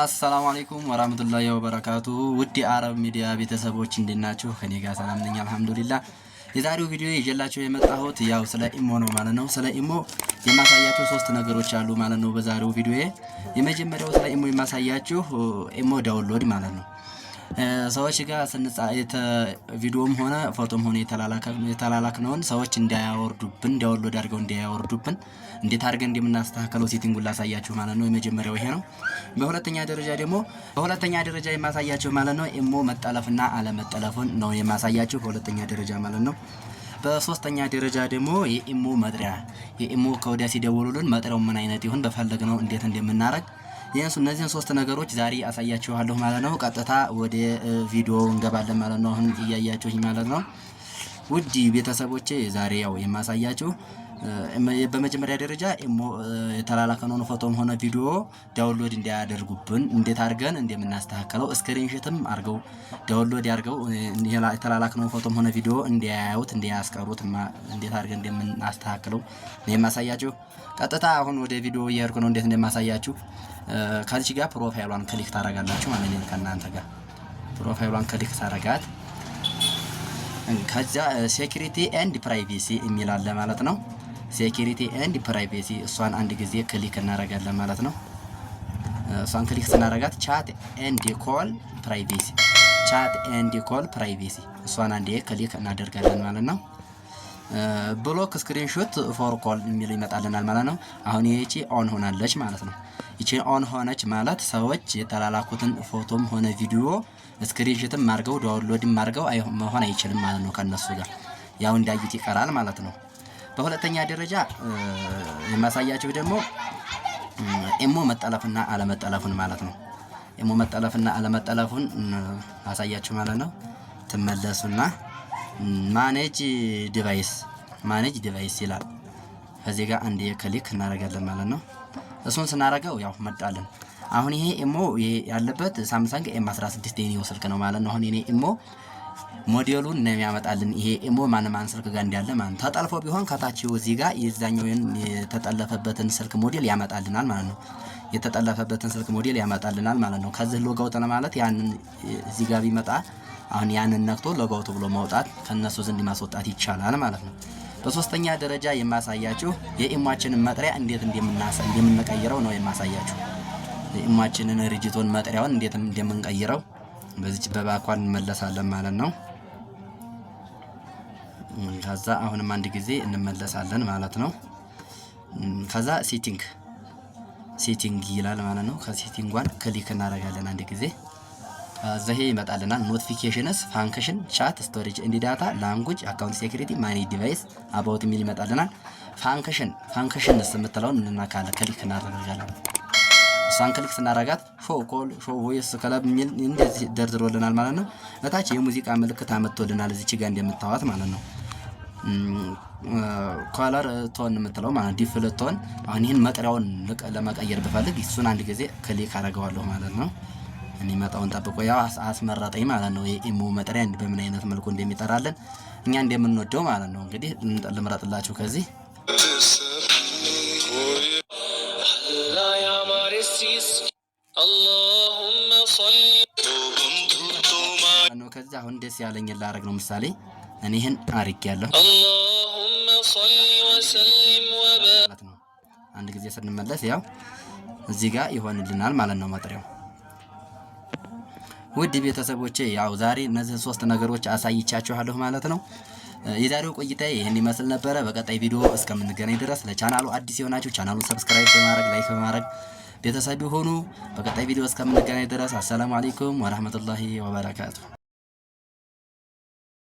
አሰላሙ አለይኩም ወራህመቱላሂ ወበረካቱ ውድ የአረብ ሚዲያ ቤተሰቦች እንዴት ናችሁ? ከኔ ጋር ሰላም ነኝ አልሐምዱሊላህ። የዛሬው ቪዲዮ ይዤላችሁ የመጣሁት ያው ስለ ኢሞ ነው ማለት ነው። ስለ ኢሞ የማሳያችሁ ሶስት ነገሮች አሉ ማለት ነው በዛሬው ቪዲዮ። የመጀመሪያው ስለ ኢሞ የማሳያችሁ ኢሞ ዳውንሎድ ማለት ነው። ሰዎች ጋር ቪዲዮም ሆነ ፎቶም ሆነ የተላላክነውን ሰዎች እንዳያወርዱብን እንዳወሎድ አድርገው እንዳያወርዱብን እንዴት አድርገን እንደምናስተካከለው ሴቲንጉን ላሳያችሁ ማለት ነው። የመጀመሪያው ይሄ ነው። በሁለተኛ ደረጃ ደግሞ በሁለተኛ ደረጃ የማሳያችሁ ማለት ነው ኢሞ መጠለፍና አለመጠለፉን ነው የማሳያችሁ በሁለተኛ ደረጃ ማለት ነው። በሶስተኛ ደረጃ ደግሞ የኢሞ መጥሪያ የኢሞ ከወዲያ ሲደውሉልን መጥሪያው ምን አይነት ይሁን በፈለግነው እንዴት እንደምናረግ እነዚህን ሶስት ነገሮች ዛሬ አሳያችኋለሁ ማለት ነው። ቀጥታ ወደ ቪዲዮ እንገባለን ማለት ነው። አሁን እያያችሁኝ ማለት ነው። ውድ ቤተሰቦቼ ዛሬ ያው የማሳያችሁ በመጀመሪያ ደረጃ የተላላከነውን ፎቶም ሆነ ቪዲዮ ዳውንሎድ እንዲያደርጉብን እንዴት አድርገን እንደምናስተካከለው እስክሪንሽትም አርገው ዳውንሎድ ያድርገው የተላላክነውን ፎቶም ሆነ ቪዲዮ እንዲያዩት እንዲያስቀሩት እንዴት አድርገን እንደምናስተካክለው ነው የማሳያችሁ። ቀጥታ አሁን ወደ ቪዲዮ እየሄድኩ ነው፣ እንዴት እንደማሳያችሁ። ከዚች ጋር ፕሮፋይሏን ክሊክ ታደርጋላችሁ ማለት ነው። ከእናንተ ጋር ፕሮፋይሏን ክሊክ ታደርጋት ከዚያ ሴኩሪቲ ኤንድ ፕራይቬሲ የሚላለ ማለት ነው ሴኪሪቲ ኤንድ ፕራይቬሲ እሷን አንድ ጊዜ ክሊክ እናረጋለን ማለት ነው። እሷን ክሊክ ስናረጋት ቻት ኤንድ ኮል ፕራይቬሲ፣ ቻት ኤንድ ኮል ፕራይቬሲ እሷን አንድ ክሊክ እናደርጋለን ማለት ነው። ብሎክ ስክሪንሾት ፎር ኮል የሚል ይመጣልናል ማለት ነው። አሁን ይቺ ኦን ሆናለች ማለት ነው። ይቺ ኦን ሆነች ማለት ሰዎች የተላላኩትን ፎቶም ሆነ ቪዲዮ ስክሪንሾትም አድርገው ዳውንሎድም አድርገው መሆን አይችልም ማለት ነው። ከነሱ ጋር ያው እንዳዩት ይቀራል ማለት ነው። በሁለተኛ ደረጃ የማሳያችሁ ደግሞ ኤሞ መጠለፍና አለመጠለፉን ማለት ነው። ኤሞ መጠለፍና አለመጠለፉን ማሳያችሁ ማለት ነው። ትመለሱና ማኔጅ ዲቫይስ ማኔጅ ዲቫይስ ይላል። ከዚህ ጋር አንድ ክሊክ እናደርጋለን ማለት ነው። እሱን ስናደርገው ያው መጣለን። አሁን ይሄ ኤሞ ያለበት ሳምሰንግ ኤም 16 የኔው ስልክ ነው ማለት ነው። አሁን ኤሞ ሞዴሉን ነው የሚያመጣልን። ይሄ ኢሞ ማን ማን ስልክ ጋር እንዳለ ማን ተጠልፎ ቢሆን ከታችው እዚህ ጋር የዛኛውን የተጠለፈበትን ስልክ ሞዴል ያመጣልናል ማለት ነው። የተጠለፈበትን ስልክ ሞዴል ያመጣልናል ማለት ነው። ከዚህ ሎጋውት ማለት ያንን እዚህ ጋር ቢመጣ አሁን ያንን ነክቶ ሎጋውት ብሎ መውጣት ከነሱ ዘንድ ማስወጣት ይቻላል ማለት ነው። በሶስተኛ ደረጃ የማሳያችሁ የኢሟችንን መጥሪያ እንዴት እንደምንቀይረው ነው የማሳያችሁ። የኢሟችንን ሪጅቶን መጥሪያውን እንዴት እንደምንቀይረው በዚች በባኳን እንመለሳለን ማለት ነው። ከዛ አሁንም አንድ ጊዜ እንመለሳለን ማለት ነው። ከዛ ሴቲንግ ሴቲንግ ይላል ማለት ነው። ከሴቲንጓን ክሊክ እናደርጋለን አንድ ጊዜ ዘሄ ይመጣልናል። ኖቲፊኬሽንስ ፋንክሽን ቻት ስቶሬጅ እንዲ ዳታ ላንጉጅ አካውንት ሴኩሪቲ ማኒ ዲቫይስ አባውት የሚል ይመጣልናል። ፋንክሽን ፋንክሽንስ የምትለውን እንናካለን፣ ክሊክ እናደርጋለን። እሷን ክሊክ ስናረጋት ሾ ኮል ሾ ቮይስ ክለብ የሚል እንደዚህ ደርድሮልናል ማለት ነው። እታች የሙዚቃ ምልክት አመጥቶልናል እዚች ጋር እንደምታዋት ማለት ነው። ኮለር ቶን የምትለው ማለት ዲፍል ቶን። አሁን ይህን መጥሪያውን ለመቀየር ብፈልግ እሱን አንድ ጊዜ ክሊክ አደርገዋለሁ ማለት ነው። የሚመጣውን ጠብቆ ያው አስመረጠኝ ማለት ነው። የኢሞ መጥሪያ በምን አይነት መልኩ እንደሚጠራልን እኛ እንደምንወደው ማለት ነው። እንግዲህ ልምረጥላችሁ ከዚህ ነው። አሁን ደስ ያለኝ ላረግ ነው። ምሳሌ እኔ ይህን አርግ አንድ ጊዜ ስንመለስ ያው እዚህ ጋር ይሆንልናል ማለት ነው መጥሪያው። ውድ ቤተሰቦቼ ያው ዛሬ እነዚህ ሶስት ነገሮች አሳይቻችኋለሁ ማለት ነው። የዛሬው ቆይታ ይህን ይመስል ነበረ። በቀጣይ ቪዲዮ እስከምንገናኝ ድረስ ለቻናሉ አዲስ የሆናችሁ ቻናሉን ሰብስክራይብ በማድረግ ላይክ በማድረግ ቤተሰብ ሆኑ። በቀጣይ ቪዲዮ እስከምንገናኝ ድረስ አሰላሙ አለይኩም ወረህመቱላሂ ወበረካቱ።